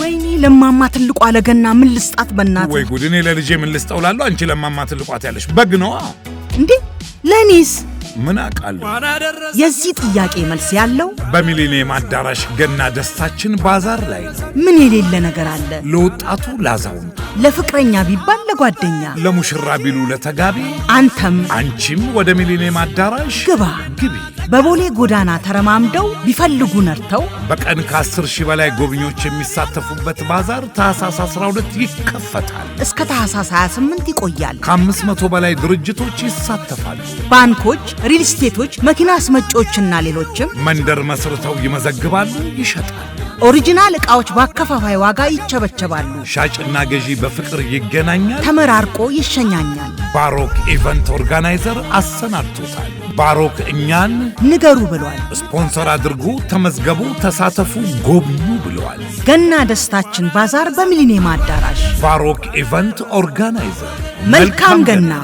ወይኔ ለማማ ትልቁ አለገና ምን ልስጣት? በእናት ወይ ጉድ! እኔ ለልጄ ምን ልስጠው ላሉ አንቺ ለማማ ትልቋት ያለሽ በግ ነዋ እንዴ። ለእኔስ ምን አውቃለሁ? የዚህ ጥያቄ መልስ ያለው በሚሊኒየም አዳራሽ ገና ደስታችን ባዛር ላይ ነው። ምን የሌለ ነገር አለ? ለወጣቱ ላዛውንቱ፣ ለፍቅረኛ ቢባል ለጓደኛ፣ ለሙሽራ ቢሉ ለተጋቢ፣ አንተም አንቺም ወደ ሚሊኒየም አዳራሽ ግባ ግቢ። በቦሌ ጎዳና ተረማምደው ቢፈልጉ ነርተው በቀን ከአስር ሺህ በላይ ጎብኚዎች የሚሳተፉበት ባዛር ታህሳስ 12 ይከፈታል። እስከ ታህሳስ 28 ይቆያል። ከአምስት መቶ በላይ ድርጅቶች ይሳተፋሉ። ባንኮች፣ ሪል ስቴቶች፣ መኪና አስመጪዎችና ሌሎችም መንደር መስርተው ይመዘግባሉ፣ ይሸጣል። ኦሪጂናል ዕቃዎች በአከፋፋይ ዋጋ ይቸበቸባሉ። ሻጭና ገዢ በፍቅር ይገናኛል፣ ተመራርቆ ይሸኛኛል። ባሮክ ኢቨንት ኦርጋናይዘር አሰናድቶታል። ባሮክ እኛን ንገሩ ብሏል። ስፖንሰር አድርጉ፣ ተመዝገቡ፣ ተሳተፉ፣ ጎብኙ ብለዋል። ገና ደስታችን ባዛር በሚሊኒየም አዳራሽ ባሮክ ኢቨንት ኦርጋናይዘር። መልካም ገና